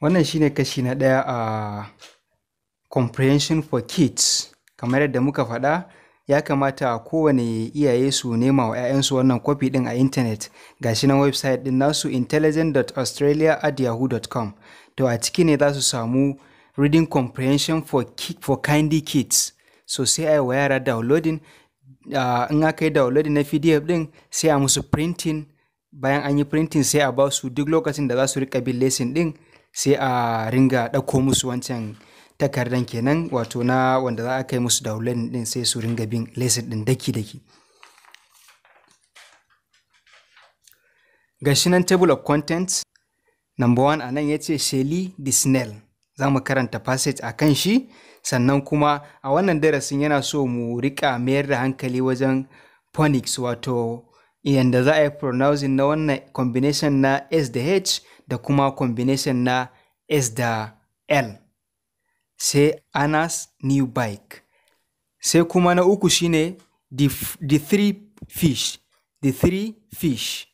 Wannan shine kashi na ɗaya a comprehension for kids. Kamar yadda muka faɗa, ya kamata kowane iyaye su nema wa 'ya'yansu wannan kwafi ɗin a intanet ga shi na website ɗin nasu intelligent.australia@yahoo.com. To a ciki ne za su samu reading comprehension for, for kindy kids. So sai a yi wa yara downloading, in aka yi downloading na PDF din sai a musu printing, bayan an yi printing sai a ba su duk lokacin da za su riƙa bin lesson ɗin. sai a ringa ɗauko musu wancan takardan kenan wato na wanda za a kai musu downloading din sai su ringa bin lesin din daki-daki Gashinan nan table of contents number one a nan ya ce shelly disnell za mu karanta passage a kan shi sannan kuma a wannan darasin yana so mu rika mayar da hankali wajen phonics wato yanda za a yi pronouncing na wannan combination na S da H da kuma combination na S da L. Sai Anas new bike. Sai kuma na uku shine the, the three fish. The three fish.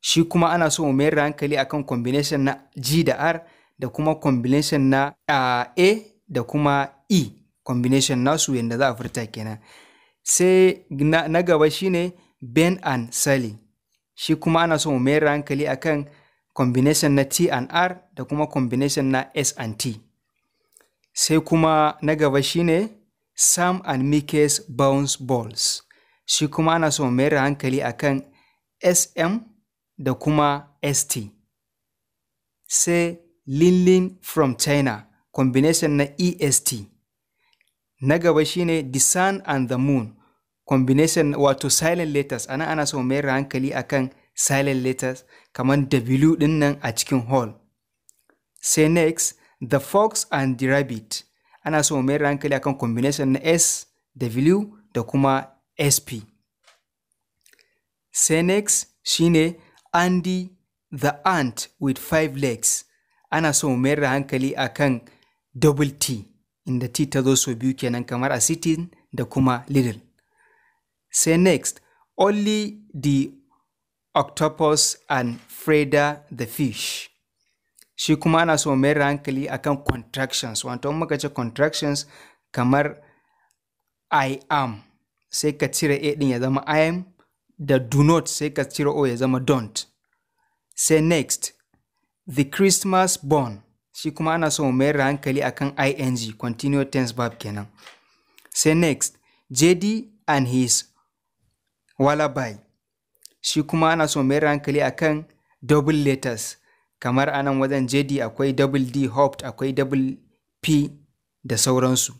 Shi kuma ana so mayar da hankali akan combination na G da R da kuma combination na uh, A da kuma E. Combination nasu yanda za a furta kenan. Sai na, gaba shine ne Ben and Sally. Shi kuma ana so mu mayar da hankali akan combination na T and R da kuma combination na S and T. Sai kuma na gaba shi ne Sam and Mike's Bounce Balls. Shi kuma ana so mu mayar da hankali akan SM da kuma ST. Sai Linlin from China, combination na EST. Na gaba shi ne The Sun and the Moon. combination wato silent letters ana ana so mayar hankali akan silent letters kamar w din nan a cikin hall sai next the fox and the rabbit ana so mayar hankali akan combination na s w da kuma sp sai next shine andy the ant with five legs ana so mayar da hankali akan double t inda t ta zo so biyu kenan kamar a sitting da kuma little Say next, only the octopus and Freda the fish. Shi kuma ana so mai hankali akan contractions, wato muka ce contractions kamar I am, sai ka cire A ɗin ya zama I am, da do not sai ka cire O ya zama don't. Say next, the Christmas born, shi kuma ana so mayar hankali akan ing, continuous tense verb kenan. Say next, JD and his wallaby shi kuma ana so mayar hankali akan double letters kamar anan wajen jd akwai double d hoped akwai double p da sauransu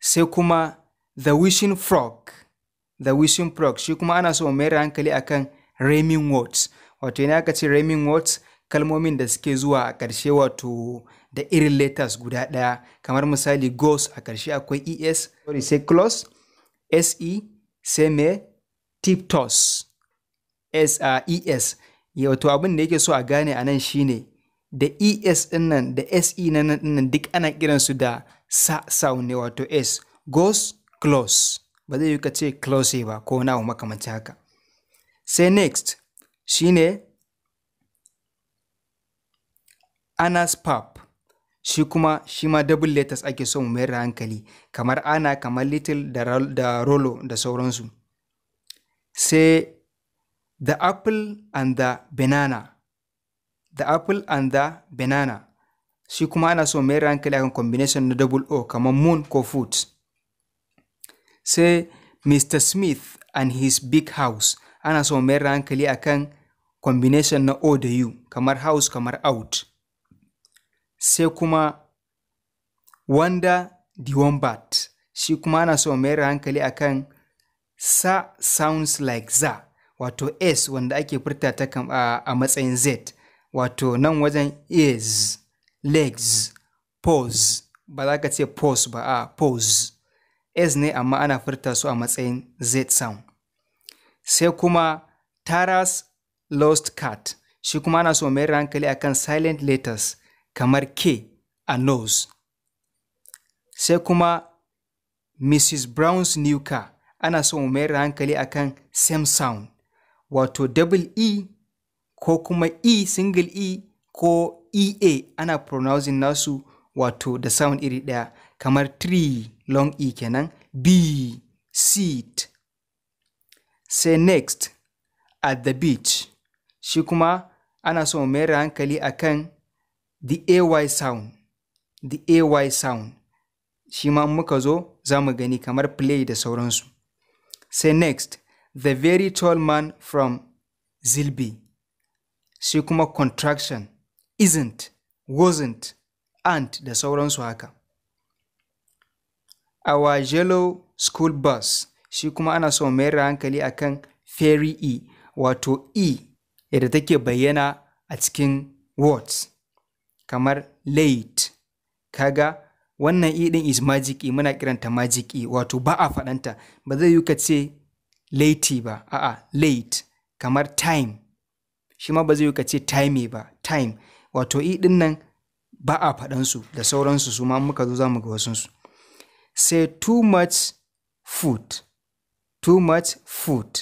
sai kuma the wishing frog the wishing frog shi kuma ana so mayar hankali akan Raming words wato yana aka ce Raming words kalmomin da suke zuwa a ƙarshe wato da irin letters guda ɗaya kamar misali goes a ƙarshe akwai es sorry sai close se sai me tiptos s a es wato abin da yake so a gane a nan shine da es din nan da se na nan duk ana kiransu da sa sound ne wato s goes close ba zai yi ka ce close ba ko na makamancin haka sai next shine anas pap shi kuma shi ma double letters ake so mu mayar da hankali kamar ana kamar little da rolo da sauransu Say the apple and the banana. The apple and the banana. Shi kuma ana so mai hankali akan combination na double O kamar moon ko foot. Sai Mr. Smith and his big house. Ana so mai hankali akan combination na O da U kamar house kamar out. Sai kuma wanda the wombat. Shi kuma ana so mai hankali akan sa sounds like za wato s wanda ake furta ta a matsayin z wato nan wajen is legs pose ba za ka ce pose ba a pose s ne amma ana furta su a matsayin z sound sai kuma taras lost cat shi kuma ana so mayar hankali akan silent letters kamar k a nose sai kuma mrs brown's new car ana so mu mayar da hankali akan same sound wato double e ko kuma e single e ko ea ana pronouncing nasu wato da sound iri ɗaya kamar tree long e kenan b seat Say next at the beach shi kuma ana so mu mayar da hankali akan the ay sound the ay sound shi ma muka zo za mu gani kamar play da sauransu Sai next, the very tall man from Zilbi. Shi kuma contraction, isn't, wasn't, and da sauransu haka. Our yellow school bus, shi kuma ana so mayar da hankali akan fairy E, wato E yadda take bayyana a cikin words, kamar late, kaga wannan i din is majiki muna kiranta majiki wato ba a faɗanta ba zai yi ka ce late ba a'a late kamar time shi ma ba zai yi ka ce time ba time wato i din nan ba a faɗansu da sauransu su ma muka zo zamu mu ga wasunsu say too much food too much food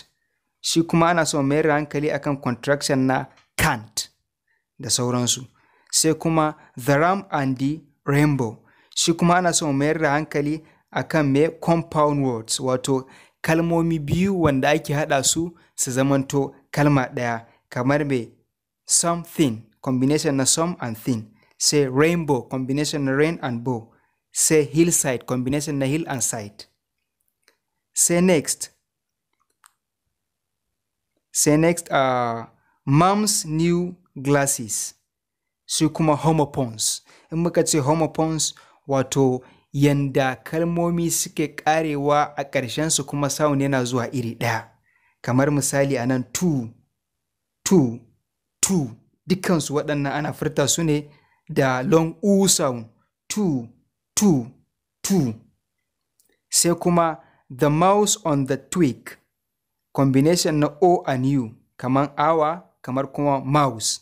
shi kuma ana so mayar da hankali akan contraction na can't da sauransu sai kuma the ram and the rainbow shi kuma ana so mayar da hankali akan me compound words wato kalmomi biyu wanda ake haɗa su su zamanto kalma ɗaya kamar me something combination na some and thing sai rainbow combination na rain and bow sai hillside combination na hill and side sai next say next uh, mom's new glasses su kuma homopons in muka ce homopons wato yanda kalmomi suke karewa a ƙarshensu kuma sound yana zuwa iri ɗaya kamar misali a nan tu tu tu dukkansu waɗannan ana furta su ne da long u sound tu tu tu sai kuma the mouse on the twig combination na o and u kamar awa kamar kuma mouse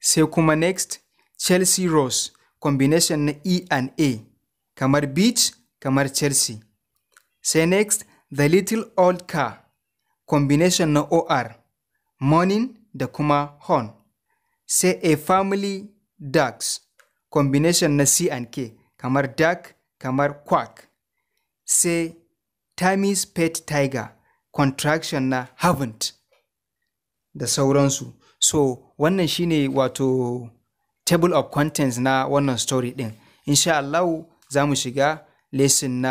sai kuma next chelsea rose combination na E and A, kamar Beach, kamar Chelsea. Sai next, The Little Old Car, combination na OR, Morning da kuma Horn. Sai A Family Ducks, combination na C and K, kamar Duck, kamar Quack. Sai Tammy's Pet Tiger, contraction na haven't da sauransu. So, wannan shine wato table of contents na wannan story ɗin. Insha Allah za mu shiga lesson na